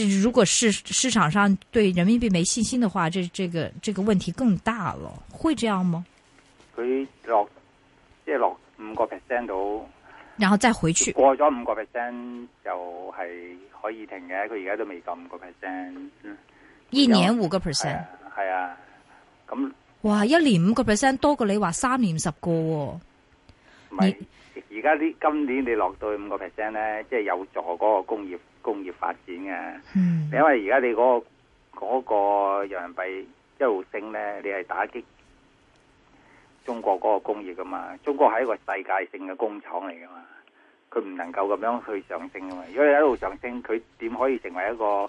如果市市場上對人民幣沒信心的話，這這個這個問題更大了，會這樣嗎？佢落，即係落五個 percent 到，然後再回去。過咗五個 percent 就係、是、可以停嘅，佢而家都未夠五個 percent，一年五個 percent，係啊，咁、啊、哇，一年五個 percent 多過你話三年十個、哦，是你。而家啲今年你落到五個 percent 咧，即係有助嗰個工業工業發展嘅。嗯、因為而家你嗰個嗰個人民幣一路升咧，你係打擊中國嗰個工業噶嘛？中國係一個世界性嘅工廠嚟噶嘛？佢唔能夠咁樣去上升噶嘛？如果你一路上升，佢點可以成為一個？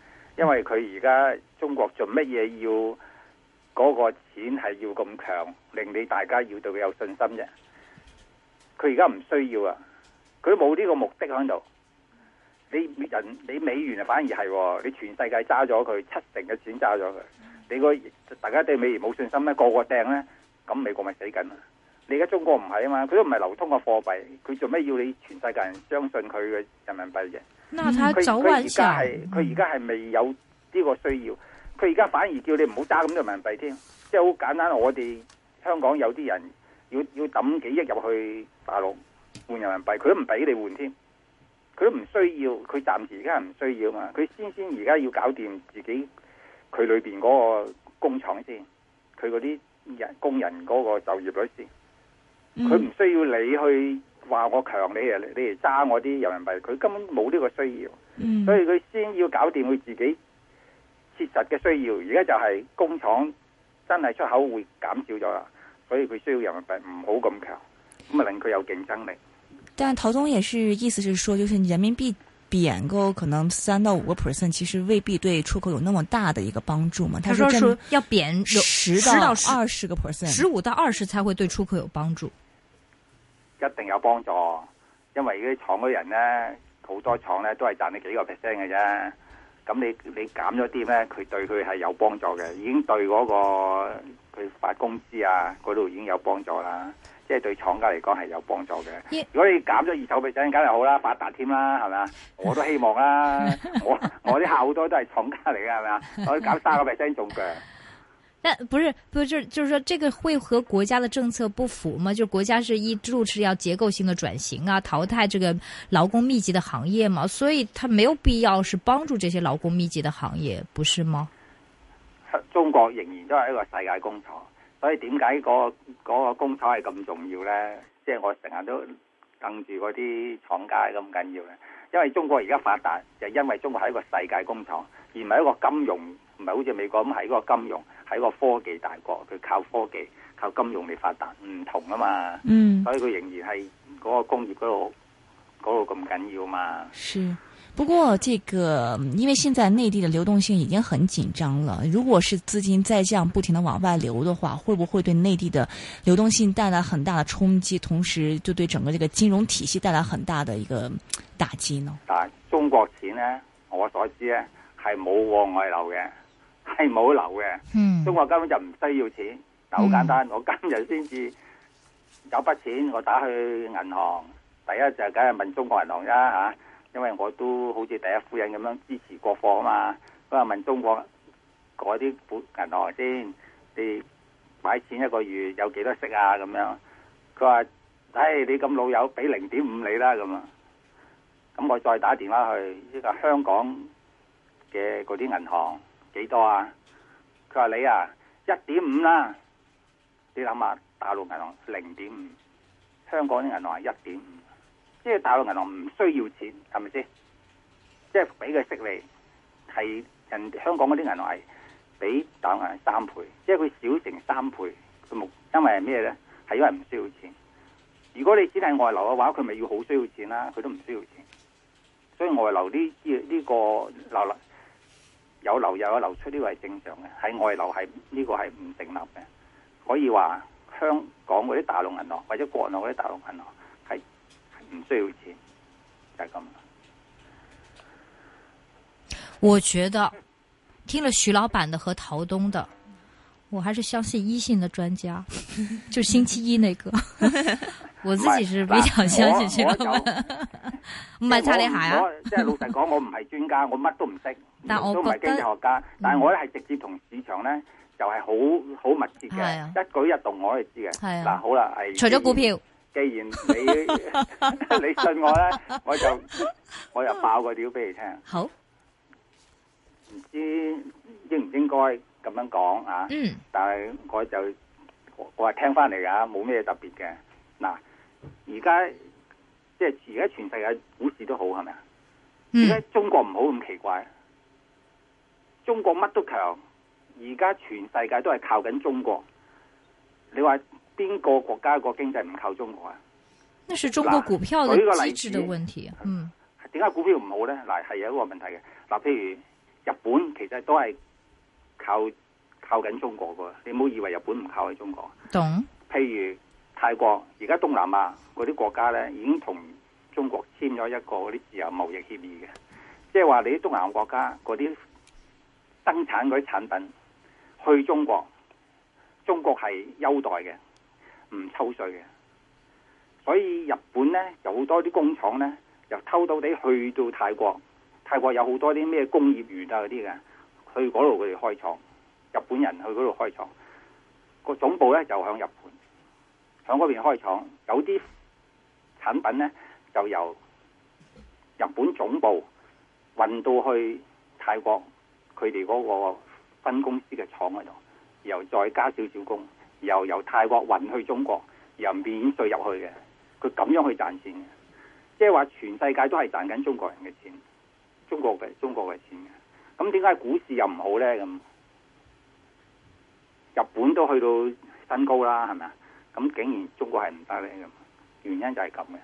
因為佢而家中國做乜嘢要嗰個錢係要咁強，令你大家要對佢有信心啫。佢而家唔需要啊，佢冇呢個目的喺度。你人你美元啊反而係、哦，你全世界揸咗佢七成嘅錢揸咗佢，你、個大家對美元冇信心咧，個個掟咧，咁美國咪死緊啦。你而家中國唔係啊嘛，佢都唔係流通嘅貨幣，佢做咩要你全世界人相信佢嘅人民幣啫？佢佢而家係佢而家係未有呢個需要，佢而家反而叫你唔好揸咁多人民幣添，即係好簡單。我哋香港有啲人要要抌幾億入去大陸換人民幣，佢都唔俾你換添，佢都唔需要，佢暫時而家係唔需要啊嘛，佢先先而家要搞掂自己佢裏邊嗰個工廠先，佢嗰啲人工人嗰個就業率先。佢唔、嗯、需要你去話我強你啊！你哋揸我啲人民幣，佢根本冇呢個需要，嗯、所以佢先要搞掂佢自己切實嘅需要。而家就係工廠真係出口會減少咗啦，所以佢需要人民幣唔好咁強，咁啊令佢有競爭力。但陶總也是意思是說，就是人民幣貶個可能三到五個 percent，其實未必對出口有那麼大的一個幫助嘛。扁他說要貶十到二十個 percent，十五到二十才會對出口有幫助。一定有幫助，因為啲廠嗰啲人咧，好多廠咧都係賺你幾個 percent 嘅啫。咁你你減咗啲咧，佢對佢係有幫助嘅，已經對嗰、嗰個佢發工資啊嗰度已經有幫助啦。即係對廠家嚟講係有幫助嘅。如果你減咗二個 percent 梗係好啦，發達添啦，係咪啊？我都希望啦，我我啲客好多都係廠家嚟嘅，係咪啊？我要減三個 percent 仲㗎。中腳但不是，不是，就是說，這個會和國家的政策不符嗎？就國家是一注是要結構性的轉型啊，淘汰這個勞工密集的行業嘛，所以他沒有必要是幫助這些勞工密集的行業，不是嗎？中國仍然都係一個世界工廠，所以點解嗰個嗰、嗰個工廠係咁重要呢？即係我成日都等住嗰啲廠家咁緊要咧，因為中國而家發達就因為中國係一個世界工廠，而唔係一個金融，唔係好似美國咁係一個金融。喺個科技大國，佢靠科技、靠金融嚟發達，唔同啊嘛。嗯，所以佢仍然係嗰個工業嗰度嗰度咁緊要嘛。是，不過這個因為現在內地的流動性已經很緊張了，如果是資金再這樣不停的往外流的話，會不會對內地的流動性帶來很大的衝擊，同時就對整個這個金融體系帶來很大的一個打擊呢？但中國錢呢，我所知呢係冇往外流嘅。係冇留嘅，嗯、中國根本就唔需要錢，就好簡單。嗯、我今日先至有筆錢，我打去銀行，第一就梗係問中國銀行啦吓、啊，因為我都好似第一夫人咁樣支持國貨啊嘛。佢話問中國嗰啲股銀行先，你買錢一個月有幾多息啊？咁樣，佢話唉，你咁老友俾零點五你啦咁啊。咁我再打電話去呢個香港嘅嗰啲銀行。幾多啊？佢話你啊，一點五啦。你諗下，大陸銀行零點五，香港啲銀行係一點五，即係大陸銀行唔需要錢，係咪先？即係俾佢食利係人香港嗰啲銀行係俾大陸銀行三倍，即係佢少成三倍。佢目因為係咩咧？係因為唔需要錢。如果你只係外流嘅話，佢咪要好需要錢啦。佢都唔需要錢，所以外流呢呢、呢個流。有流入有流出，呢個係正常嘅，喺外流係呢個係唔成立嘅。可以話香港嗰啲大陸銀行或者國內嗰啲大陸銀行係唔需要錢，就係咁。我覺得聽了徐老闆的和陶東的，我還是相信一線的專家，就星期一那個。 我自己是比較相信佢，唔係擦你鞋啊！即係老實講，我唔係專家，我乜都唔識，都唔係經濟學家。但係我咧係直接同市場咧，就係好好密切嘅，一舉一動我係知嘅。嗱，好啦，係除咗股票，既然你你信我咧，我就我就爆個料俾你聽。好，唔知應唔應該咁樣講啊？嗯，但係我就我話聽翻嚟噶，冇咩特別嘅嗱。而家即係而家，全世界股市都好，係咪啊？而家中國唔好咁奇怪？中國乜都強，而家全世界都係靠緊中國。你話邊個國家個經濟唔靠中國啊？那是中國股票的機制的問題。嗯，點解股票唔好咧？嗱，係有一個問題嘅。嗱，譬如日本，其實都係靠靠緊中國噶。你唔好以為日本唔靠喺中國。懂？譬如。泰國而家東南亞嗰啲國家咧，已經同中國簽咗一個啲自由貿易協議嘅，即係話你啲東南亞國家嗰啲生產嗰啲產品去中國，中國係優待嘅，唔抽稅嘅。所以日本咧有好多啲工廠咧，由偷到底去到泰國，泰國有好多啲咩工業園啊嗰啲嘅，去嗰度佢哋開廠，日本人去嗰度開廠，個總部咧就向日本。響嗰邊開廠，有啲產品咧就由日本總部運到去泰國，佢哋嗰個分公司嘅廠嗰度，然後再加少少工，然後由泰國運去中國，又免稅入去嘅，佢咁樣去賺錢嘅，即係話全世界都係賺緊中國人嘅錢，中國嘅中國嘅錢嘅，咁點解股市又唔好咧？咁日本都去到新高啦，係咪啊？咁竟然中國係唔得咧咁，原因就係咁嘅。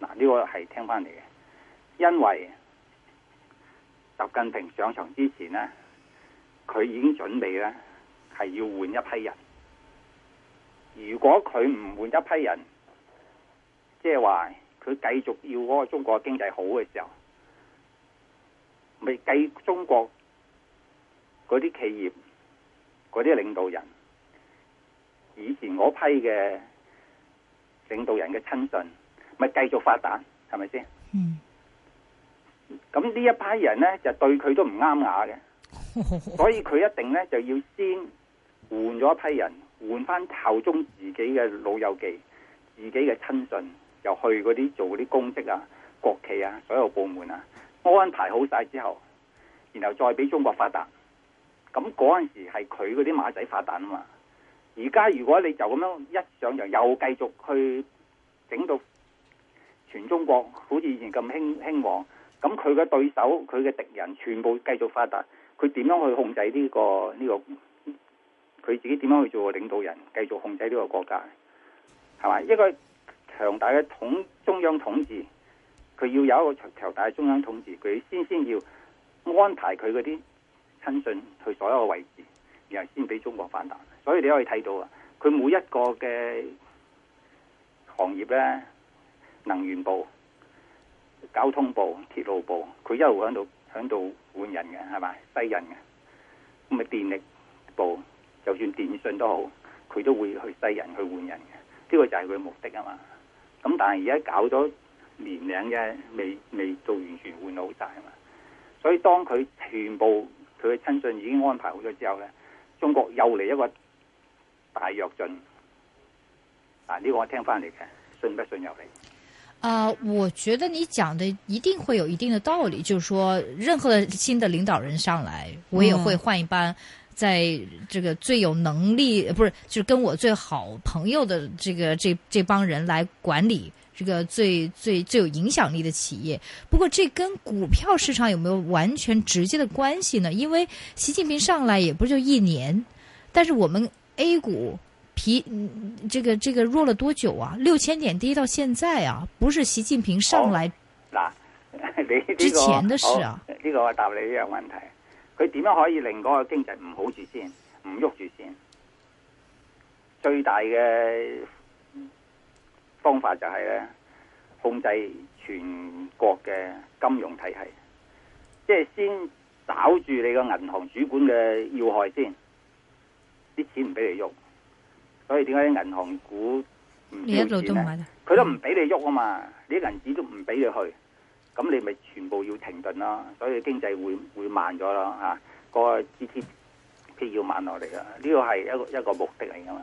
嗱，呢個係聽翻嚟嘅，因為習近平上場之前咧，佢已經準備咧係要換一批人。如果佢唔換一批人，即係話佢繼續要嗰個中國經濟好嘅時候，咪計中國嗰啲企業嗰啲領導人。以前嗰批嘅領導人嘅親信，咪繼續發達，係咪先？嗯。咁呢一批人呢，就對佢都唔啱牙嘅， 所以佢一定呢，就要先換咗一批人，換翻效忠自己嘅老友記、自己嘅親信，又去嗰啲做嗰啲公職啊、國企啊、所有部門啊，安排好晒之後，然後再俾中國發達。咁嗰陣時係佢嗰啲馬仔發達啊嘛。而家如果你就咁樣一上場又繼續去整到全中國，好似以前咁興興旺，咁佢嘅對手、佢嘅敵人全部繼續發達，佢點樣去控制呢個呢個？佢自己點樣去做領導人，繼續控制呢個國家？係嘛？一個強大嘅統中央統治，佢要有一個強強大嘅中央統治，佢先先要安排佢嗰啲親信去所有嘅位置。然後先俾中國反彈，所以你可以睇到啊，佢每一個嘅行業咧，能源部、交通部、鐵路部，佢一路響度響度換人嘅，係咪？西人嘅，咁咪電力部，就算電信都好，佢都會去西人去換人嘅，呢個就係佢嘅目的啊嘛。咁但係而家搞咗年兩嘅，未未做完全換好晒啊嘛。所以當佢全部佢嘅親信已經安排好咗之後咧，.中國又嚟一個大躍進，啊！呢、這個我聽翻嚟嘅，信不信由你。啊、呃，我覺得你講的一定會有一定的道理，就是說任何新的領導人上來，我也會換一班，在這個最有能力，嗯、不是，就跟我最好朋友的這個這這幫人來管理。這個最最最有影響力的企業，不過這跟股票市場有沒有完全直接的關係呢？因為習近平上來也不就一年，但是我們 A 股疲這個這個弱了多久啊？六千點低到現在啊，不是習近平上來，之前的事啊。呢、哦這個、哦這個、我答你一樣問題，佢點樣可以令嗰個經濟唔好住先，唔喐住先？最大嘅，方法就係咧，控制全國嘅金融體系，即係先搞住你個銀行主管嘅要害先，啲錢唔俾你喐，所以點解銀行股唔？你佢都唔俾你喐啊嘛，啲銀紙都唔俾你去，咁你咪全部要停頓咯，所以經濟會會慢咗咯吓，個 GDP 要慢落嚟噶，呢個係一個一個目的嚟噶嘛。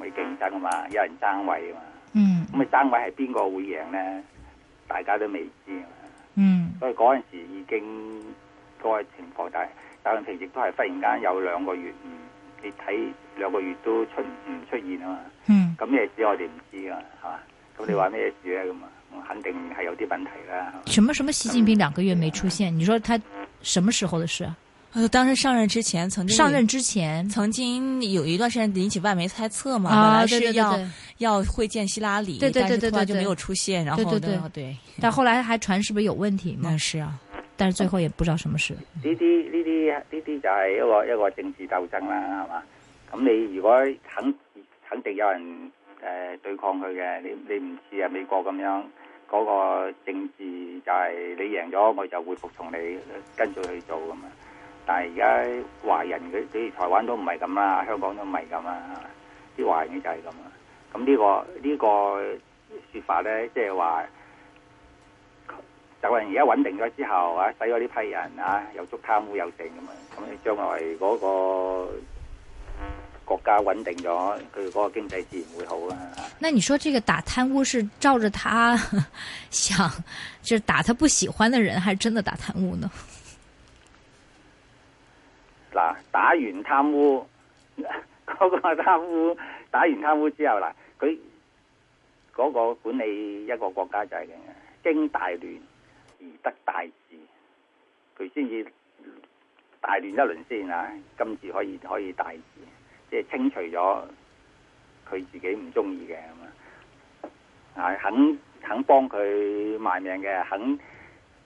佢競爭啊嘛，有人、嗯、爭位啊嘛，嗯，咁你爭位係邊個會贏咧？大家都未知啊，嗯，所以嗰陣時已經嗰、那個情況大，但係習近平亦都係忽然間有兩個月唔，你睇兩個月都出唔出現啊嘛，嗯，咁咩事我哋唔知啊，係嘛？咁你話咩事咧咁啊？嗯、肯定係有啲問題啦。什麼？什麼？習近平兩個月未出現，嗯、你說他什麼時候的事？當時上任之前，曾經上任之前曾經有一段時間引起外媒猜測嘛，啊、本來是要對對對對要會見希拉里，但係突然就沒有出現，然後對對，對，對、嗯、但後來還傳是不是有問題嘛？是啊，但是最後也不知道什麼事。呢啲呢啲呢啲就係一個一個政治鬥爭啦，係嘛？咁你如果肯肯定有人誒、呃、對抗佢嘅，你你唔似啊美國咁樣嗰、那個政治就係你贏咗，我就會服從你跟住去做咁啊。.但係而家華人佢哋台灣都唔係咁啦，香港都唔係咁啦，啲華人就係咁啦。咁、這個這個、呢個呢個説法咧，即係話，就人而家穩定咗之後啊，洗咗呢批人啊，又捉貪污又剩咁啊，咁你將來嗰個國家穩定咗，佢嗰個經濟自然會好啦。那你說這個打貪污是照着他想，就是、打他不喜歡的人，還是真的打貪污呢？嗱，打完貪污，嗰個貪污打完貪污之後啦，佢嗰個管理一個國家就係嘅，經大亂而得大治，佢先至大亂一輪先啊，今次可以可以大治，即係清除咗佢自己唔中意嘅咁啊，啊肯肯幫佢賣命嘅，肯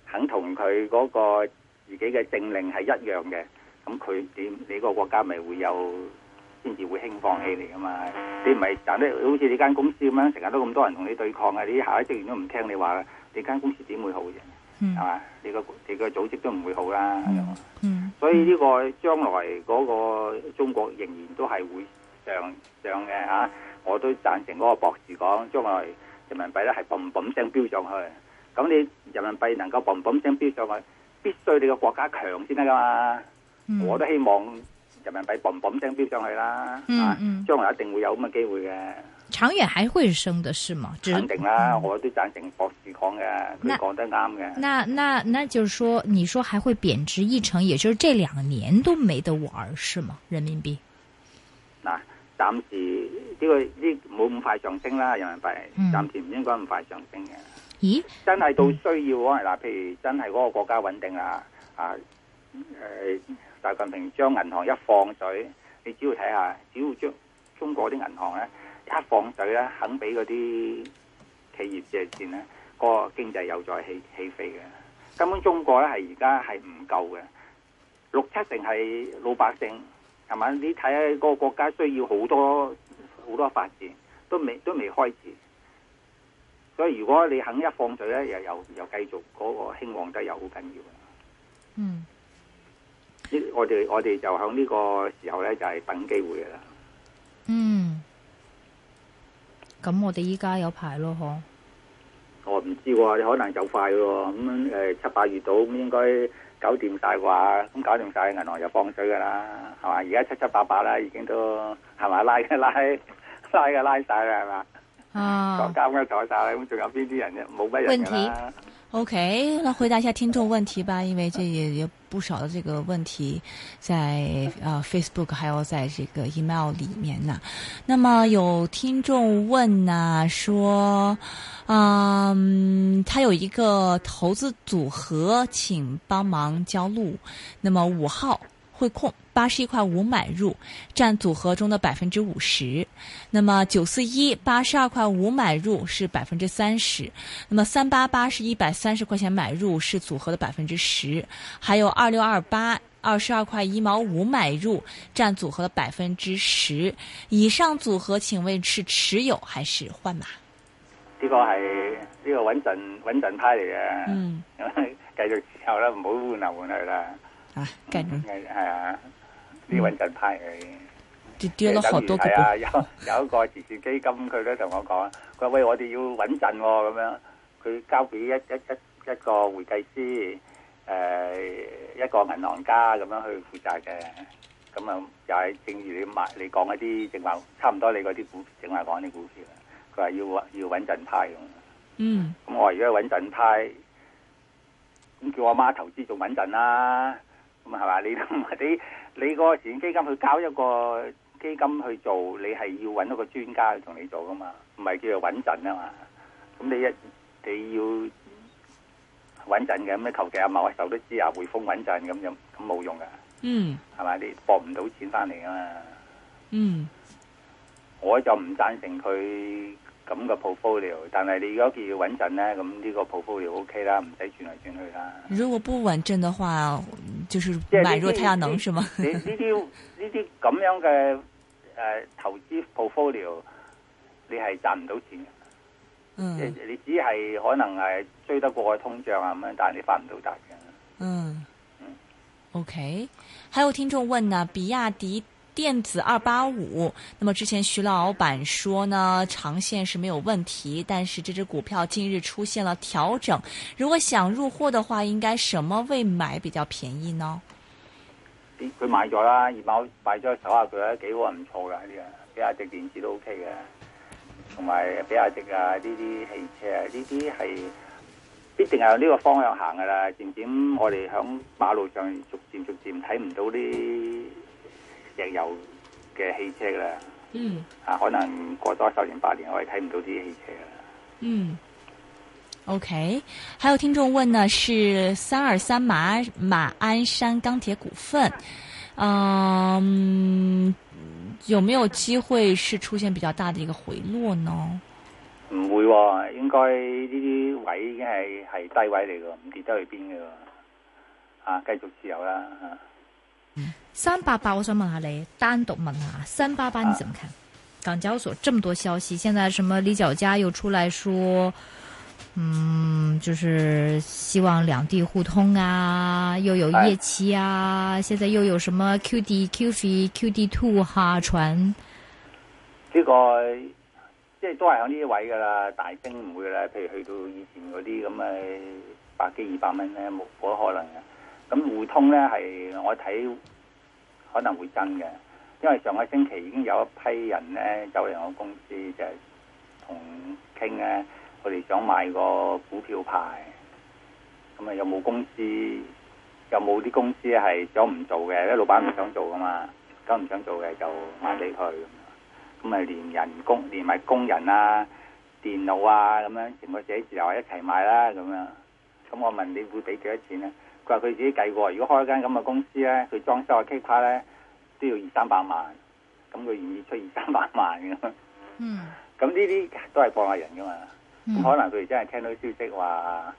肯同佢嗰個自己嘅政令係一樣嘅。咁佢點？你個國家咪會有先至會興放起嚟噶嘛？你唔係賺得好似你間公司咁樣，成日都咁多人同你對抗啊！你下一層員工都唔聽你話，你間公司點會好啫？係嘛？你個你個組織都唔會好啦。嗯，所以呢個將來嗰個中國仍然都係會上上嘅吓。我都贊成嗰個博士講，將來人民幣咧係嘭嘭聲飆上去。咁你人民幣能夠嘭嘭聲飆上去，必須你個國家強先得噶嘛。我都希望人民幣 boom boom 聲飆上去啦，嗯嗯，將、嗯、來一定會有咁嘅機會嘅。長遠還會升嘅，是嗎？肯定啦，我都贊成博士講嘅，佢講那得啱嘅。那那那就是說，你說還會貶值一成，嗯、也就是這兩年都沒得玩，是嗎？人民幣？嗱、嗯，暫時呢、這個呢冇咁快上升啦，人民幣暫時唔應該咁快上升嘅。嗯、咦？真係到需要嗰係嗱，譬如真係嗰個國家穩定啊，啊，誒、呃。呃嗯習近平將銀行一放水，你只要睇下，只要將中國啲銀行咧一放水咧，肯俾嗰啲企業借錢咧，個經濟又再起起飛嘅。根本中國咧係而家係唔夠嘅，六七成係老百姓，係嘛？你睇下個國家需要好多好多發展，都未都未開始。所以如果你肯一放水咧，又又又繼續嗰個興旺得又好緊要嘅。嗯。我哋我哋就喺呢個時候咧，就係、是、等機會噶啦。嗯，咁我哋依家有排咯嗬。我唔、哦、知喎、啊，可能就快咯、啊。咁、嗯、誒、嗯嗯、七八月到，咁應該搞掂晒啩。話，咁搞掂晒，銀行就放水噶啦，係嘛？而家七七八八啦，已經都係嘛？拉一拉，拉嘅拉晒啦，係嘛？啊，坐監嘅坐晒，咁仲有邊啲人冇乜人啦。問題，OK，來回答一下聽眾問題吧， 因為這有。不少的這個問題，在啊 Facebook，還有在這個 email 裏面呢。那麼有聽眾問呐、啊，說，嗯，他有一個投資組合，請幫忙教路。那麼五號。會控八十一塊五買入，佔組合中的百分之五十。那麼九四一八十二塊五買入是百分之三十。那麼三八八是一百三十塊錢買入是組合的百分之十。還有二六二八二十二塊一毛五買入，佔組合的百分之十。以上組合，請問是持有還是換碼？呢個係呢個穩陣穩陣派嚟嘅，嗯， 繼續持有啦，唔好換嚟換去啦。係、嗯、啊，啲穩陣派嘅，跌跌咗好多股。欸、啊，有有一個慈善基金，佢都同我講，佢話喂，我哋要穩陣喎，咁樣佢交俾一一一一個會計師，誒，一個銀、呃、行家咁樣去負責嘅，咁啊，就係正如你買，你講嗰啲正話，差唔多你嗰啲股正話講啲股票啦。佢話要穩要穩陣派咁嗯，咁我話如果穩陣派，咁叫我媽投資做穩陣啦。咁係嘛？你你你個錢基金去交一個基金去做，你係要揾一個專家去同你做噶嘛？唔係叫做穩陣啊嘛？咁你一你要穩陣嘅咩？求其阿茂阿手都知啊，匯豐穩陣咁樣，咁冇用噶。嗯，係咪？你博唔到錢翻嚟啊嘛？嗯，mm. 我就唔贊成佢。咁嘅 portfolio，但係你如果叫要穩陣咧，咁呢個 portfolio O K 啦，唔使轉嚟轉去啦。如果不穩陣嘅話，嗯、就是買弱太陽能些是嗎？呢啲呢啲咁樣嘅誒、呃、投資 portfolio，你係賺唔到錢嘅。嗯，你只係可能係追得過通脹啊咁樣，但係你發唔到達嘅。嗯，嗯 o、okay. K，還有聽眾問啊，比亞迪。電子二八五，那麼之前徐老闆說呢，長線是沒有問題，但是這隻股票近日出現了調整，如果想入貨的話，應該什麼位買比較便宜呢？佢買咗啦，二萬買咗手下佢，幾萬唔錯噶呢個，比亞迪電子都 OK 嘅，同埋比亞迪啊呢啲汽車啊呢啲係必定係向呢個方向行噶啦，漸漸我哋響馬路上逐漸逐漸睇唔到啲。有嘅汽車啦，嗯，啊，可能過多十年八年，我哋睇唔到啲汽車啦。嗯，OK，還有聽眾問呢，是三二三馬馬鞍山鋼鐵股份，嗯、呃，有沒有機會是出現比較大的一個回落呢？唔會、哦，應該呢啲位已經係係低位嚟噶，唔跌得去邊噶，啊，繼續持有啦，啊。三八八我想問下你，單獨問下，三八八你怎麼看？港交所這麼多消息，現在什麼李小加又出來說，嗯，就是希望兩地互通啊，又有夜期啊，啊現在又有什麼 QDQF、QD Two 下傳？呢、這個即係都係喺呢位噶啦，大升唔會啦，譬如去到以前嗰啲咁誒百幾二百蚊咧，冇冇可能嘅。咁互通咧係我睇。可能會真嘅，因為上個星期已經有一批人咧走嚟我公司就係同傾咧，佢哋想買個股票牌，咁啊有冇公司，有冇啲公司係想唔做嘅，啲老闆唔想做噶嘛，咁唔想做嘅就賣俾佢，咁啊連人工連埋工人啊、電腦啊咁樣全部寫字樓一齊賣啦咁啊，咁我問你會俾幾多錢啊？佢佢自己計過，如果開一間咁嘅公司咧，佢裝修嘅 k 牌咧都要二三百萬。咁佢願意出二三百萬嘅。 嗯。咁呢啲都係放下人噶嘛？可能佢哋真係聽到消息話，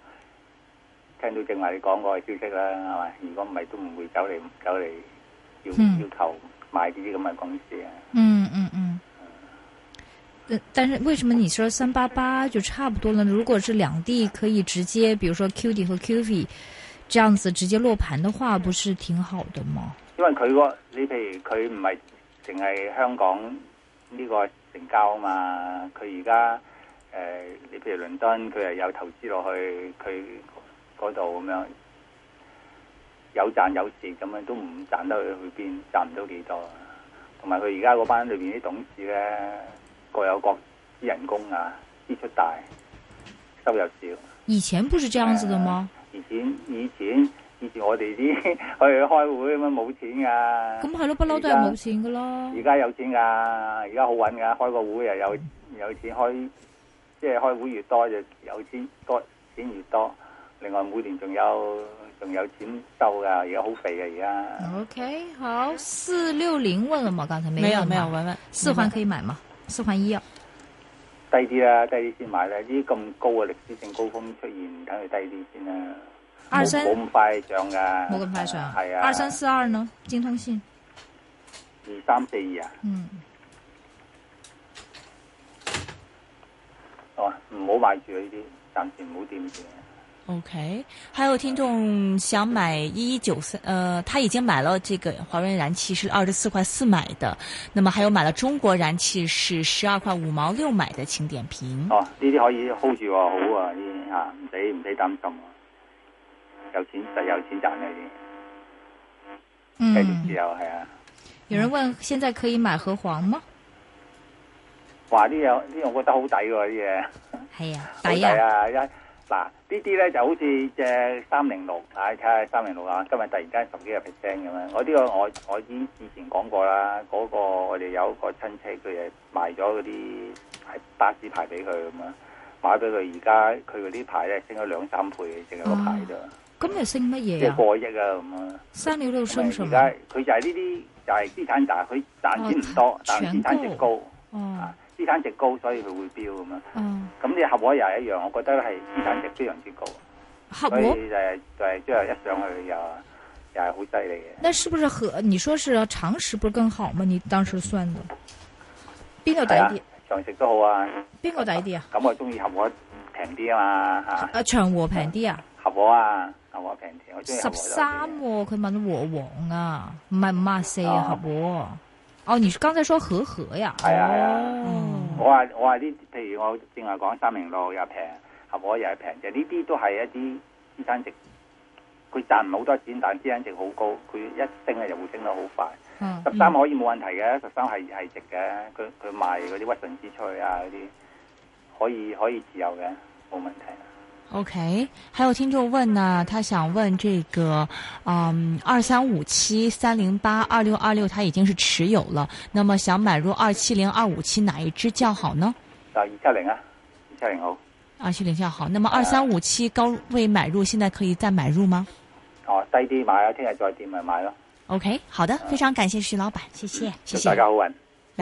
聽到正話你講過嘅消息啦，係咪？如果唔係都唔會走嚟走嚟要、嗯、要求買呢啲咁嘅公司啊、嗯。嗯嗯嗯。但、嗯、但是，為什麼你說三八八就差唔多呢？如果是兩地可以直接，比如說 QD 和 QV 這樣子直接落盤的話，不是挺好的嗎？因為佢個，你譬如佢唔係淨係香港呢個成交嘛，佢而家誒你譬如倫敦佢係有投資落去佢嗰度咁樣有賺有蝕咁樣都唔賺得去去邊賺唔到幾多，同埋佢而家嗰班裏邊啲董事咧各有各支人工啊，支出大收入少。以前不是這樣子的嗎？呃以前以前以前我哋啲 去開會咁樣冇錢噶，咁係咯，不嬲都係冇錢噶咯。而家有錢噶，而家、嗯、好搵噶，開個會又有、嗯、有錢開，即係開會越多就有錢多錢越多。另外每年仲有仲有錢收噶，而家、okay, 好肥啊而家。O K，好四六零問了嗎？剛才沒有沒有問問，有問，問四環可以買嗎？嗯、四環醫藥啊。低啲啦，低啲先買啦，呢啲咁高嘅歷史性高峰出現，梗係低啲先啦。二三冇咁快漲噶，冇咁快漲，係啊。啊二三四二呢？精通信二三四二啊。嗯。哦、啊，唔好買住呢啲，暫時唔好掂住。OK，還有聽眾想買一一九三，呃，他已經買了這個華潤燃氣是二十四塊四買的，那麼還有買了中國燃氣是十二塊五毛六買的請，請點評。哦，呢啲可以 hold 住好啊，呢吓唔使唔使擔心，有錢就有錢賺嘅，繼續、嗯啊、有人問，現在可以買和黃嗎？哇，呢樣呢樣我覺得好抵嘅啲嘢。係啊，抵啊，一。嗱，呢啲咧就好似隻三零六，睇睇下三零六啊，今日突然間十幾個 percent 咁樣，我呢個我我已經之前講過啦，嗰、嗰個我哋有一個親戚，佢誒賣咗嗰啲係巴士牌俾佢咁樣，買俾佢，而家佢嗰啲牌咧升咗兩三倍，淨係個牌都，咁咪升乜嘢啊？即係過億啊咁啊！生了到雙十街，而家佢就係呢啲就係資產，但係佢賺錢唔多，但係資產值高啊！資產值高，所以佢會飆咁啊！咁你合和又係一樣，我覺得係資產值非常之高，合我以就係就係即係一上去又又係好犀利嘅。就是、那是不是合？你說是長實，不是更好嗎？你當時算的邊個抵啲？長實、啊、都好啊。邊個抵啲啊？咁我中意合和平啲啊嘛啊長和平啲啊？合和啊，合和平啲，十三。佢、哦、問和黃啊，唔係五係四啊？合和哦，你剛才說合和呀？係啊。我話我話呢，譬如我正話講三明路又平，合和又係平，其實呢啲都係一啲資產值，佢賺唔好多錢，但資產值好高，佢一升咧就會升得好快。十三、嗯嗯、可以冇問題嘅，十三係係值嘅，佢佢賣嗰啲屈臣氏出去啊嗰啲，可以可以自由嘅，冇問題。OK，還有聽眾問呢，他想問這個，嗯，二三五七、三零八、二六二六，他已經是持有了，那麼想買入二七零、二五七，哪一支較好呢？啊，二七零啊，二七零好。二七零較好，那麼二三五七高位買入，現在可以再買入嗎？哦、啊，低啲買，聽日再點咪買咯。OK，好的，啊、非常感謝徐老闆，謝謝，謝謝。大家好運。